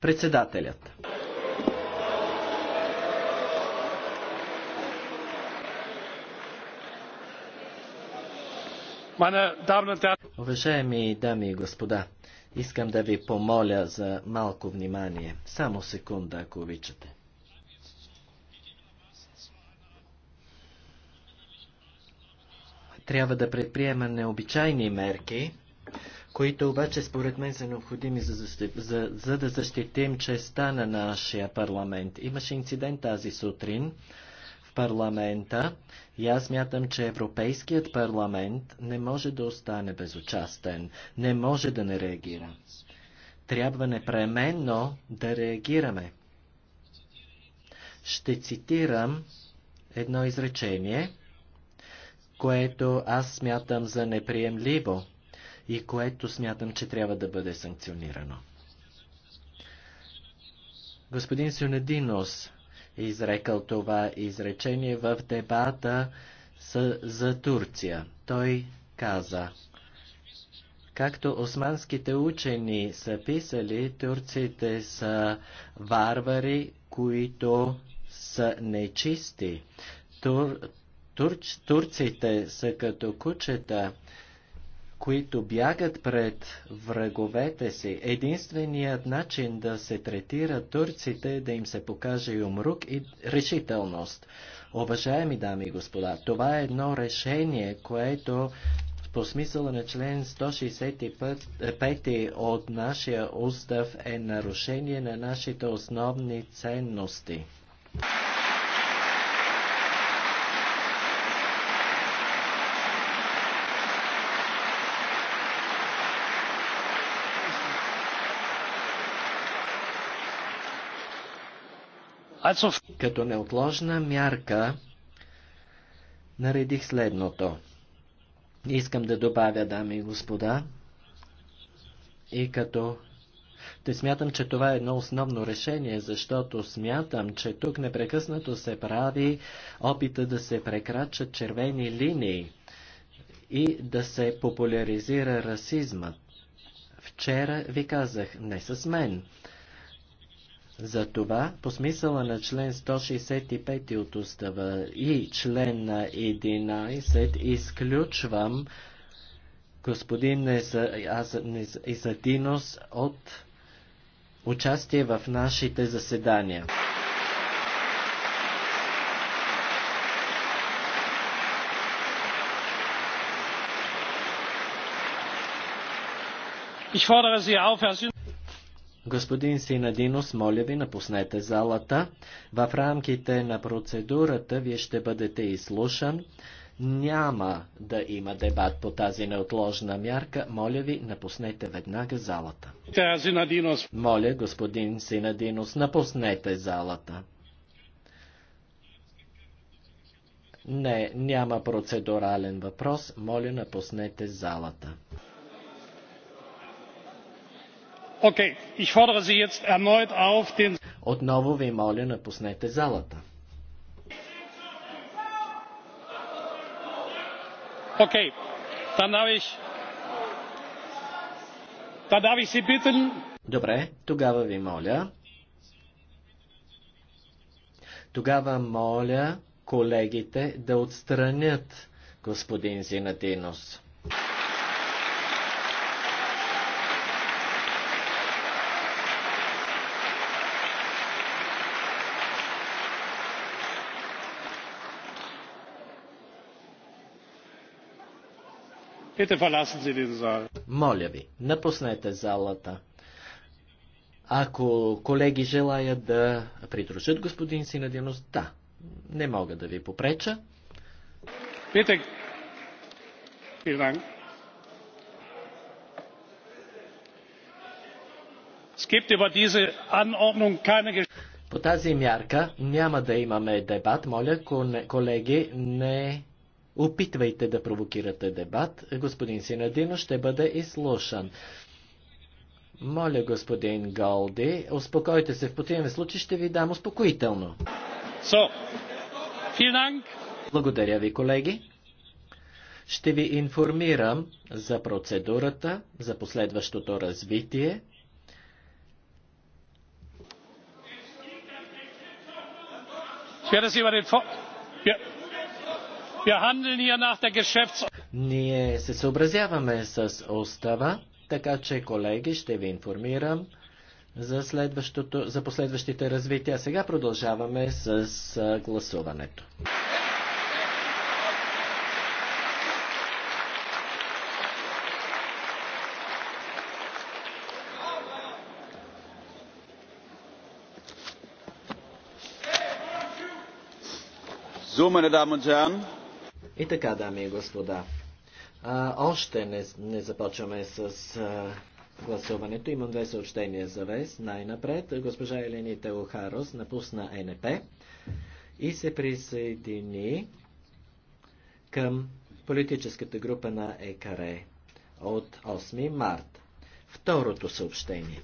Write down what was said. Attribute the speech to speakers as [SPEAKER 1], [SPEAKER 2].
[SPEAKER 1] Председателят. Уважаеми дами и господа, искам да ви помоля за малко внимание. Само секунда, ако обичате. Трябва да предприема необичайни мерки, които обаче според мен са необходими за, защит, за, за да защитим честа на нашия парламент. Имаше инцидент тази сутрин в парламента и аз мятам, че Европейският парламент не може да остане безучастен, не може да не реагира. Трябва непременно да реагираме. Ще цитирам едно изречение, което аз смятам за неприемливо – и което смятам, че трябва да бъде санкционирано. Господин Сюнединос е изрекал това изречение в дебата с, за Турция. Той каза, както османските учени са писали, турците са варвари, които са нечисти. Тур, тур, турците са като кучета, които бягат пред враговете си. Единственият начин да се третират турците е да им се покаже умрук и решителност. Уважаеми дами и господа, това е едно решение, което по смисъла на член 165 е, от нашия устав е нарушение на нашите основни ценности. Като неотложна мярка наредих следното. Искам да добавя, дами и господа, и като те смятам, че това е едно основно решение, защото смятам, че тук непрекъснато се прави опита да се прекрачат червени линии и да се популяризира расизмът. Вчера ви казах, не с мен, за това по смисъла на член 165 от устава и член на 11, изключвам господин Изадинос от участие в нашите заседания. Ich fordere Sie auf, Herr Господин Синадинос, моля ви, напуснете залата. В рамките на процедурата вие ще бъдете изслушан. Няма да има дебат по тази неотложна мярка. Моля ви, напуснете веднага залата. Моля, господин Синадинос, напуснете залата. Не, няма процедурален въпрос. Моля, напуснете залата. Okay, ich fordere Sie jetzt erneut auf, den... Отново ви моля, напуснете залата. Okay, dann darf ich... Dann darf ich Sie bitten... Добре, тогава ви моля. Тогава моля колегите да отстранят господин Зинадинос. Моля ви, напуснете залата. Ако колеги желаят да придружат господин Синадинос, да, не мога да ви попреча. По тази мярка няма да имаме дебат. Моля, колеги, не Опитвайте да провокирате дебат. Господин Синадино ще бъде изслушан. Моля, господин Голди, успокойте се. В противен случай ще ви дам успокоително. So, Благодаря ви, колеги. Ще ви информирам за процедурата, за последващото развитие. Ще да си ние се съобразяваме с устава, така че, колеги, ще ви информирам за, следващото, за последващите развития. Сега продължаваме с гласуването. So, meine Damen und Herren, и така, дами и господа, а, още не, не започваме с а, гласуването. Имам две съобщения за вез. Най-напред, госпожа Елени Охарос напусна НП и се присъедини към политическата група на ЕКАРЕ от 8 март. Второто съобщение.